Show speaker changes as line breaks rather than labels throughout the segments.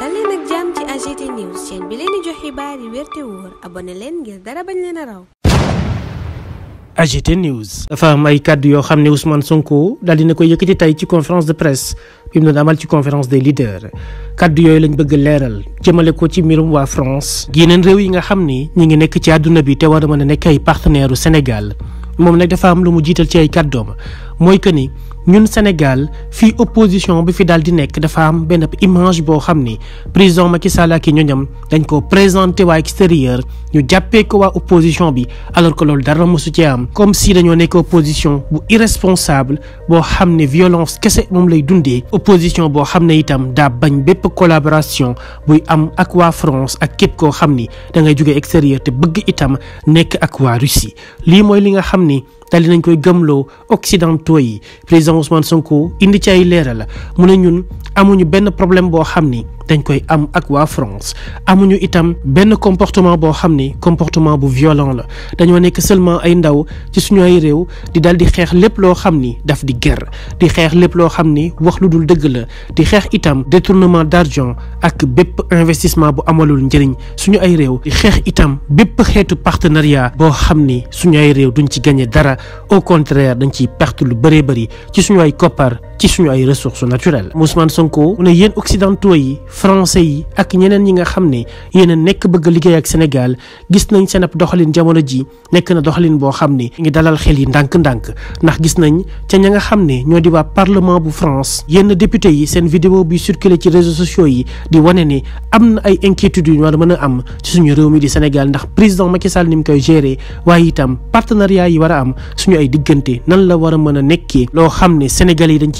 dal leen ak AGT news a raw. AGT news. dafa am ay kàddu yoo xam ne Ousmane Sonko daal dina koy yëkkati tey ci conférence de presse bi mu doon amal ci conférence des leaders kàddu yooyu lañ bëgg leeral jëmale ko ci mbirum waa France. yeneen réew yi nga xam ni ñu ngi nekk ci àdduna bi te war a mën a nekk ay partenaires Sénégal moom nag dafa am lu mu jiital ci ay kàddoom mooy que ni. ñun Sénégal fii opposition bi fi daal di nekk dafa am benn image boo xam ni président Macky Sall ak ñoñam dañ ko présenté waa extérieur ñu jàppee ko waa opposition bi alors ko loolu dara mosu cee am comme si dañoo nekk opposition bu irresponsable boo xam ne violence kese moom lay dundee opposition boo xam ne itam daa bañ bépp collaboration buy am ak waa France ak képp koo xam ni da ngay jóge extérieur te bëgg itam nekk ak waa Russie lii mooy li nga xam ni dal dinañ koy gëmloo occidentaux yi président Ousmane Sonko indi ci ay leeral mu ne ñun amuñu benn problème boo xam ni dañ koy am ak waa France amuñu itam benn comportement boo xam ni comportement bu violent la dañoo nekk seulement ay ndaw ci suñu ay réew di dal di xeex lépp loo xam ni daf di guerre di xeex lépp loo xam ni wax lu dul dëgg la di xeex itam détournement d'argent ak bépp investissement bu amalul njëriñ suñu ay réew di xeex itam bépp xeetu partenariat boo xam ni suñu ay réew duñ ci gagné dara au contraire dañ ciy perte lu bëree bëri ci suñu ay koppar ci suñu ay ressources naturelles Ousmane Sonko ne yéen occidentaux yi français yi ak ñeneen ñi nga xam ne yéen nekk bëgg liggéey ak Sénégal gis nañ seen ab doxalin jamono ji nekk na doxalin boo xam ne ngi dalal xel yi ndànk-ndànk ndax gis nañ ca ña nga xam ne ñoo di waa parlement bu France yenn député yi seen vidéo bi circulé ci réseaux sociaux yi di wane ne am na ay inquiétudes yu ñu war a mën a am ci suñu réew mi di Sénégal ndax président Macky Sall ni mu koy gérer waaye itam partenariat yi war a am suñu diggante nan la war mën a nekkee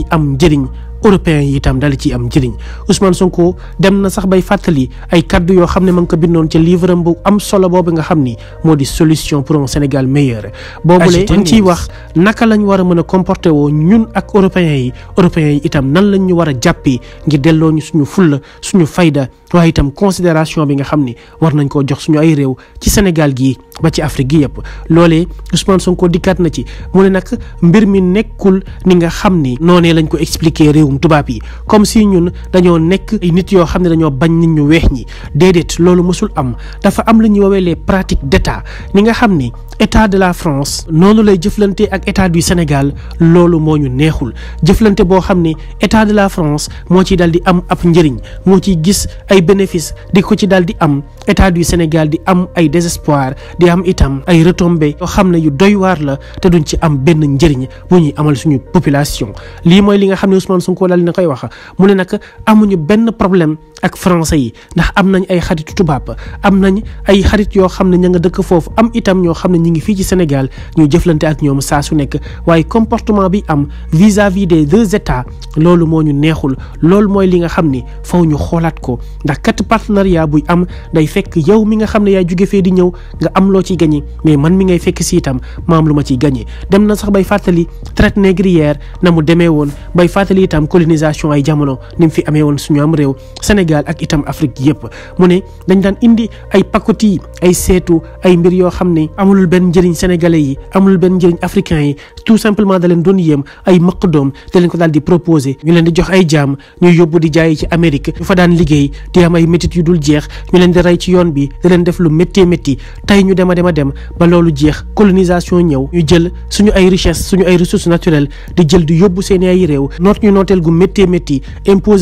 ci am njëriñ européens yi itam dal ci am njëriñ Ousmane Sonko dem na sax bay fàttali ay kaddu yoo xam ne ma ngi ko bindoon ci livre am bu am solo boobu nga xam ni moo di solution pour un Sénégal meilleur boobule ñu ciy wax naka lañ war a mën a comporter woo ñun ak européens yi européens yi itam nan lañ ñu war a jàppee ngir delloo ñu suñu fulla suñu fayda waaye itam considération bi nga xam ni war nañ koo jox suñu ay réew ci Sénégal gii ba ci Afrique gi yëpp loole Ousmane Sonko dikkaat na ci mu ne nag mbir mi nekkul ni nga xam ni noonee lañ ko expliquer réew réewum tubaab yi comme si ñun dañoo nekk nit yoo xam ne dañoo bañ nit ñu weex ñi déedéet loolu mësul am dafa am lu ñuy woowee les pratiques d'état ni nga xam ni état de la France noonu lay jëflante ak état du Sénégal loolu moo ñu neexul jëflante boo xam ne état de la France moo ci dal di am ab njëriñ moo ciy gis ay bénéfices di ko ci daal di am état du Sénégal di am ay désespoir di am itam ay retombées yoo xam ne yu doy waar la te duñ ci am benn njëriñ bu ñuy amal suñu population lii mooy li nga xam ne Ousmane Sonko Sonko daal dina koy wax mu ne nag amuñu benn problème ak france yi ndax am nañ ay xaritu tubaab am nañ ay xarit yoo xam ne ña nga dëkk foofu am itam ñoo xam ne ñi ngi fii ci Sénégal ñuy jëflante ak ñoom saa su nekk waaye comportement bi am vis-à-vis des deux états loolu moo ñu neexul loolu mooy li nga xam ni faw ñu xoolaat ko ndax kat partenariat buy am day fekk yow mi nga xam ne yaay jóge fee di ñëw nga am loo ciy gañe mais man mi ngay fekk si itam maam lu ma ciy gañe dem na sax bay fàttali traite négrière na mu demee woon bay fàttali itam colonisation jamono ni fi amee woon suñu am réew Sénégal Sénégal ak itam Afrique yëpp mu ne dañ daan indi ay pakoti ay seetu ay mbir yoo xam ne amalul benn njëriñ sénégalais yi amulul benn njëriñ africain yi tout simplement da leen doon yéem ay mëq doom da leen ko daal di proposé ñu leen di jox ay jaam ñuy yóbbu di jaayi ci Amérique ñu fa daan liggéey di am ay métit yu dul jeex ñu leen di rey ci yoon bi da leen def lu métti métti tey ñu dem a dem a dem ba loolu jeex colonisation ñëw ñu jël suñu ay richesse suñu ay ressources naturelles di jël di yóbbu seen ay réew noot ñu nooteel gu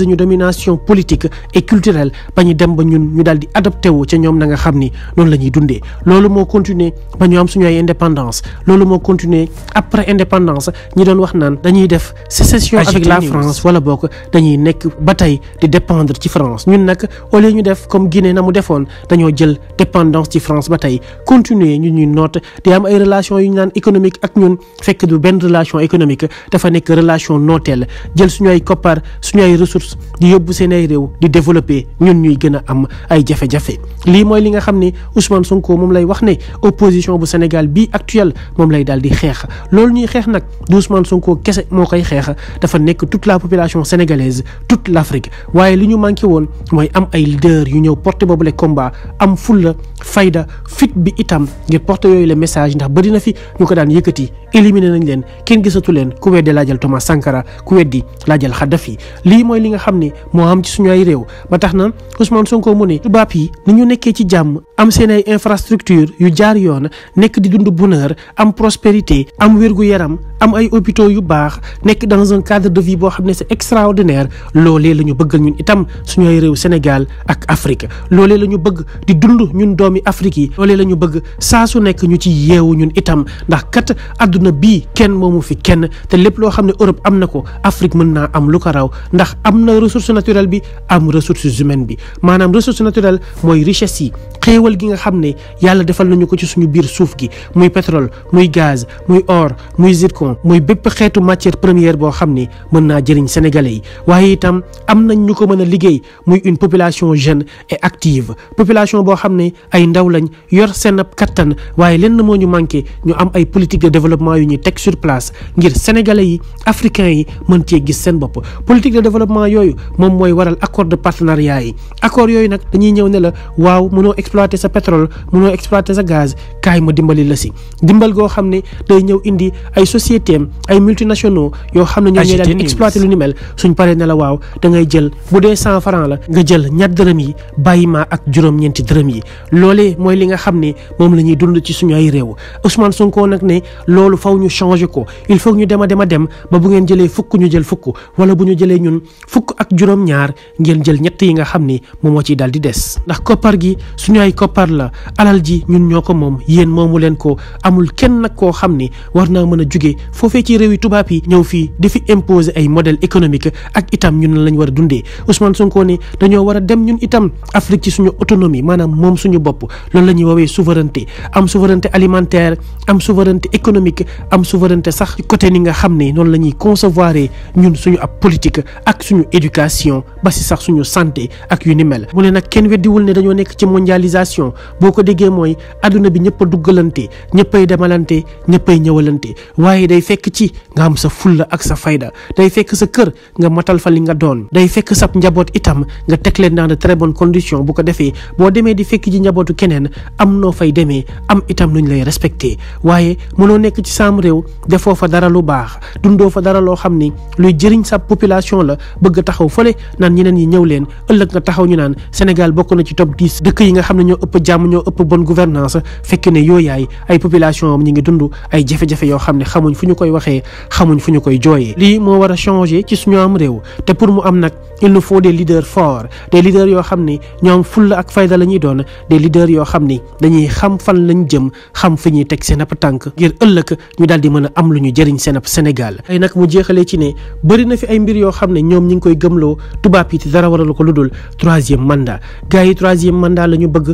ñu domination politique et culturel ba ñu dem ba ñun ñu daal di adapté wu ca ñoom na nga xam ni noonu la ñuy dundee loolu moo continuer ba ñu am suñu ay indépendance loolu moo continuer après indépendance ñi doon wax naan dañuy def sécession avec la France wala bokk dañuy nekk ba tey di ci France ñun nag au ñu def comme Guinée na mu defoon dañoo jël dépendance ci France ba tey continuer ñu ñuy noot di am ay relation yu ñu naan économique ak ñun fekk du benn relation économique dafa nekk relation nooteel jël suñu ay koppar suñu ay ressources développé ñun ñuy gën a am ay jafe-jafe lii mooy li nga xam ne Ousmane Sonko moom lay wax ne opposition bu Sénégal bii actuelle moom lay daal di xeex loolu ñuy xeex nag du Ousmane Sonko kese moo koy xeex dafa nekk toute la population sénégalaise toute l'Afrique waaye li ñu manqué woon mooy am ay leader yu ñëw porté boobule combat am fulla fayda fit bi itam ngir porte yooyu le message ndax bëri na fi ñu ko daan yëkkati éliminé nañ leen kenn gisatu leen ku weddi laajal Thomas Sankara ku weddi laajal Kadhafi lii mooy li nga xam ne moo am ci suñu ay réew ba tax na Ousmane Sonko mu ne tubaab yi ni ñu nekkee ci jàmm am seen ay infrastructure yu jaar yoon nekk di dund bonheur am prospérité am wirgu yaram am ay hôpitaux yu baax nekk dans un cadre de vie boo xam ne c'est extraordinaire loolee la ñu bëggal ñun itam suñu ay réew Sénégal ak Afrique loole la ñu bëgg di dund ñun doomi Afrique yi loolee la ñu bëgg saa su nekk ñu ci yeewu ñun itam ndax kat adduna bii kenn moomu fi kenn te lépp loo xam ne Europe am na ko Afrique mën naa am lu ko raw ndax am na ressource naturelle bi am ressource humaine bi maanaam ressource naturelle mooy richesse yi xéewal gi nga xam ne yàlla defal nañu ko ci suñu biir suuf gi muy pétrole muy gaz muy or muy zircon muy bépp xeetu matière première boo xam ne mën naa jëriñ sénégalais yi waaye itam am nañ ñu ko mën a liggéey muy une population jeune et active population boo xam ne ay ndaw lañ yor seen kattan waaye lenn moo ñu manqué ñu am ay politique de développement yu ñuy teg sur place ngir sénégalais yi africains yi mën cee gis seen bopp politique de développement yooyu moom mooy waral accord de partenariat yi exploiter sa pétrole mënoo exploiter sa gaz kaay ma dimbali la si dimbal goo xam ne day ñëw indi ay société ay multinationaux yoo xam ne ñu ñooy daan exploiter lu ni mel suñ paree ne la waaw da ngay bu dee cent franc la nga jël ñaar dërëm yi bàyyi ma ak juróom-ñeenti dërëm yi loolee mooy li nga xam ne moom la ñuy dund ci suñu ay réew Ousmane Sonko nag ne loolu faw ñu changer ko il faut ñu dem a dem a dem ba bu ngeen jëlee fukk ñu jël fukk wala bu ñu jëlee ñun fukk ak juróom-ñaar ngeen jël ñett yi nga xam ni moom moo ciy daal di des ndax koppar gi suñu ay koppar la alal ji ñun ñoo ko moom yéen moomu leen ko amul kenn nag ko xam ne war naa mën a jugee foofee ci réewi tubaab yi ñëw fii di fi imposer ay modèle économique ak itam ñun lañ war a dundee Ousmane Sonko ne dañoo war a dem ñun itam Afrique ci suñu autonomie maanaam moom suñu bopp loolu la ñuy woowee souveraineté am souveraineté alimentaire am souveraineté économique am souveraineté sax côté ni nga xam ne noonu la ñuy concevoir ñun suñu ab politique ak suñu éducation ba si sax suñu santé ak yu ni mel mu ne nag kenn weddiwul ne dañoo nekk ci mondialisation mondialisation boo ko déggee mooy adduna bi ñëpp a duggalante ñëppay demalante ñëppay ñëwalante waaye day fekk ci nga am sa fulla ak sa fayda day fekk sa kër nga matal fa li nga doon day fekk sa njaboot itam nga teg leen dans de très bon condition bu ko defee boo demee di fekk ci njabootu keneen am noo fay demee am itam nuñ lay respecté waaye mënoo nekk ci saam réew defoo fa dara lu baax dundoo fa dara loo xam ni luy jëriñ sa population la bëgg taxaw fële naan ñeneen ne ñoo ëpp jàmm ñoo ëpp bonne gouvernance fekk ne yooyaay ay population am ngi dund ay jafe-jafe yoo xam ne xamuñ fu ñu koy waxee xamuñ fu ñu koy jooyee lii moo war a changer ci suñu am réew te pour mu am nag il nous faut des leaders forts des leaders yoo xam ne ñoom fulla ak fayda la ñuy doon des leaders yoo xam ni dañuy xam fan lañu jëm xam fi ñuy teg seen ab tànk ngir ëllëg ñu daal di mën a am lu ñu jëriñ seen ab Sénégal ay nag mu jeexalee ci ne bëri na fi ay mbir yoo xam ne ñoom ñi ngi koy gëmloo tubaab yi te dara waralu ko lu dul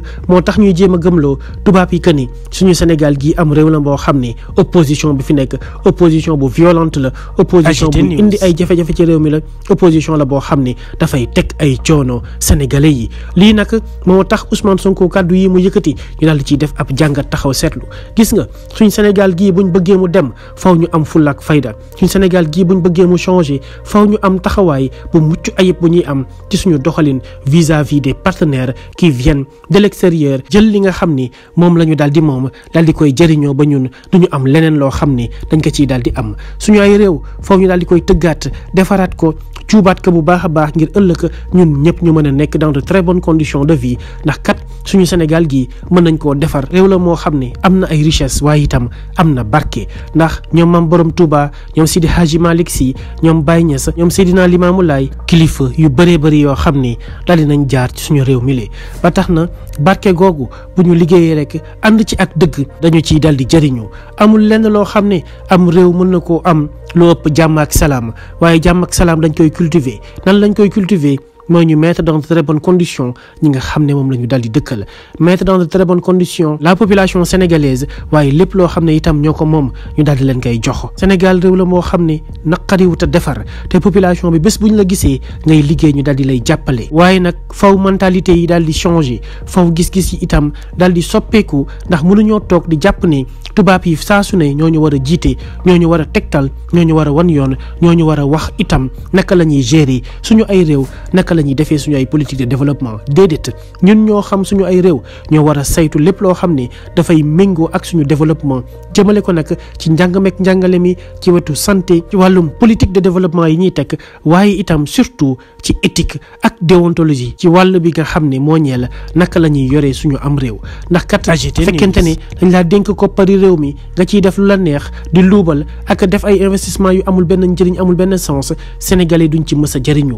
bëgg moo tax ñuy jéem a gëmloo tubaab yi que ni suñu Sénégal gii am réew la boo xam ne opposition bi fi nekk opposition bu violente la opposition bu indi ay jafe ci réew mi la opposition la boo xam ne dafay teg ay coono sénégalais yi lii nag moo tax Ousmane Sonko kàddu yi mu yëkkati ñu daal di ciy def ab jàngat taxaw seetlu gis nga suñ Sénégal gii buñ bëggee mu dem faw ñu am fulla ak fayda suñ Sénégal gii buñ bëggee mu changer faw ñu am taxawaay bu mucc ayib bu ñuy am ci suñu doxalin vis-à-vis de partenaires qui viennent l'extérieur jël li nga xam ni moom lañu ñu daal di moom daal di koy jëriñoo ba ñun du ñu am leneen loo xam ni dañ ko ciy daal di am suñu ay réew foofu ñu daal di koy tëggaat defaraat ko cuubaat ko bu baax a baax ngir ëllëg ñun ñëpp ñu mën a nekk dans de très bonnes conditions de vie ndax kat suñu Sénégal gi mën nañ koo defar réew la moo xam ne am na ay richesse waaye itam am na barke ndax ñoom maam borom Touba ñoom Sidi Hadji Malick Sy ñoom Baye Niass ñoom Seydina Limamou Laye kilifa yu bëree bëri yoo xam ne daal di nañ jaar ci suñu réew mi lee ba tax na barke googu bu ñu liggéeyee rek ànd ci ak dëgg dañu ci dal di jëriñu amul lenn loo xam ne am réew mën na koo am lu ëpp jàmm ak salaam waaye jàmm ak salaam dañ koy cultiver nan lañ koy cultiver mooy ñu mettre dans de très condition conditions ñi nga xam ne moom la ñu daal di dëkkal mettre dans de très bonnes conditions la population sénégalaise waaye lépp loo xam ne itam ñoo ko moom ñu daal di leen koy jox Sénégal réew la moo xam ne naqariwut a defar te population bi bés bu ñu la gisee ngay liggéey ñu daal di lay jàppale waaye nag faw mentalité yi daal di changer faw gis-gis yi itam daal di soppeeku ndax ñoo toog di jàpp ne tubaab yi saa su ne ñoo ñu war a jiite ñoo ñu war a tegtal ñoo ñu war a wan yoon ñoo ñu war a wax itam naka la ñuy gérer suñu ay réew naka ñuy defee suñu ay politique de développement déedéet ñun ñoo xam suñu ay réew ñoo war a saytu lépp loo xam ne dafay méngoo ak suñu développement jëmale ko nag ci njàngameek njàngale mi ci wetu santé wàllum politique de développement yi ñuy teg waaye itam surtout ci éthique ak déontologie ci wàll bi nga xam ne moo la naka la ñuy yoree suñu am réew ndax kat fekkente ne dañ laa dénk koppari réew mi nga ciy def lu la neex di luubal ak def ay investissement yu amul benn njëriñ amul benn sens sénégalais duñ ci mës a jëriñu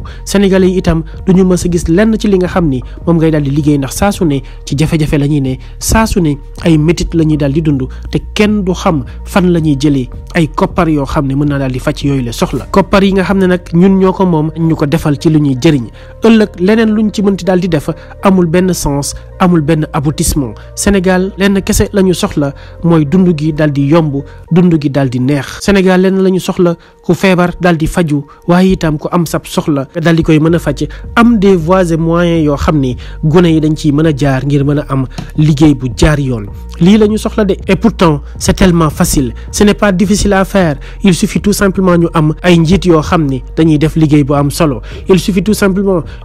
du ñu mës a gis lenn ci li nga xam ni moom ngay daal di liggéey ndax saa ne ci jafe-jafe la ñuy ne saasu ne ay métit la ñuy daal di dund te kenn du xam fan la ñuy jëlee ay koppar yoo xam ne mën naa daal di faj yooyu la soxla koppar yi nga xam ne nag ñun ñoo ko moom ñu ko defal ci lu ñuy jëriñ ëllëg leneen luñ ci mënti daal di def amul benn sens amul benn aboutissement Sénégal lenn kese la ñu soxla mooy dund gi daal di yomb dund gi daal di neex Sénégal lenn la ñu soxla ku feebar daal di faju waaye itam ku am sab soxla daal di koy mën a faj am des voies et moyens yoo xam ni gune yi dañ ciy mën a jaar ngir mën a am liggéey bu jaar yoon lii la ñu soxla de et pourtant c'est tellement facile ce n'est pas difficile à faire il suffit tout simplement ñu am ay njiit yoo xam ni dañuy def liggéey bu am solo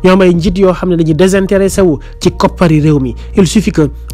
ñoom ay njiit yoo xam ne dañuy désintéressé wu ci koppari réew mi il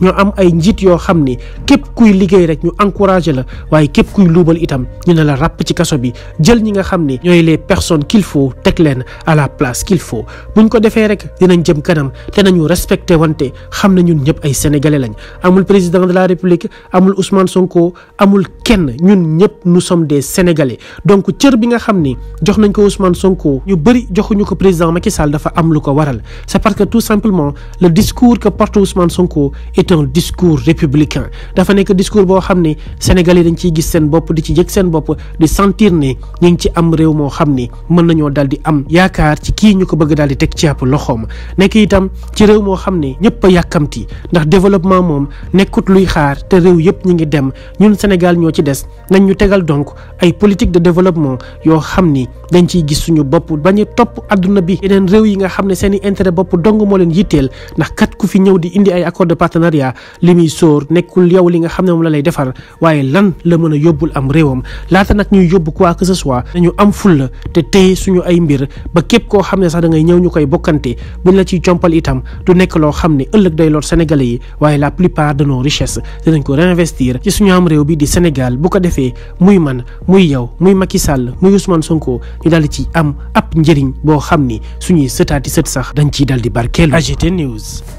ñoo am ay njiit yoo xam ni képp kuy liggéey rek ñu encouragé la waaye képp kuy luubal itam ñu ne la ràpp ci kaso bi jël ñi nga xam ne ñooy les personnes qu'il faut teg leen à la place qu'il faut buñ ko defee rek dinañ jëm kanam te nañu respecté wante xam na ñun ñëpp ay sénégalais lañ amul président de la république amul Ousmane Sonko amul kenn ñun ñëpp nous sommes des sénégalais donc cër bi nga xam ni jox nañ ko Ousmane Sonko ñu bëri joxuñu ko président Macky Sall am lu ko waral c'est parce que tout simplement le discours que porte Ousmane Sonko est un discours républicain dafa nekk discours boo xam ne Sénégalais dañ ciy gis seen bopp di ci yëg seen bopp di sentir ne ñu ngi ci am réew moo xam ni mën nañoo daal di am yaakaar ci kii ñu ko bëgg daal di teg ci yàpp loxoom nekk itam ci réew moo xam ne ñëpp a yàkkamti ndax développement moom nekkut luy xaar te réew yëpp ñu ngi dem ñun Sénégal ñoo ci des nañ ñu tegal donc ay politique de développement yoo xam ni dañ ciy gis suñu bopp bañ a topp adduna bi yeneen réew yi nga xam ne i intérêt bopp dong moo leen yitteel ndax ku fi ñëw di indi ay accord de partenariat li muy sóor nekkul yow li nga xam ne moom la lay defar waaye lan la mën a yóbbul am réewam laata nag ñuy yóbbu quoi que ce soit dañu am fulla te téye suñu ay mbir ba képp koo xam ne sax da ngay ñëw ñu koy bokkante buñ la ciy compal itam du nekk loo xam ne ëllëg day lor sénégalais yi waaye la plupart de nos richesses dinañ ko réinvestir ci suñu am réew bi di Sénégal bu ko defee muy man muy yow muy Macky Sall muy Ousmane Sonko ñu daal di ci am ab njëriñ boo xam ni suñuy sëtaati sët sax dañ ciy dal di barkeel AGT News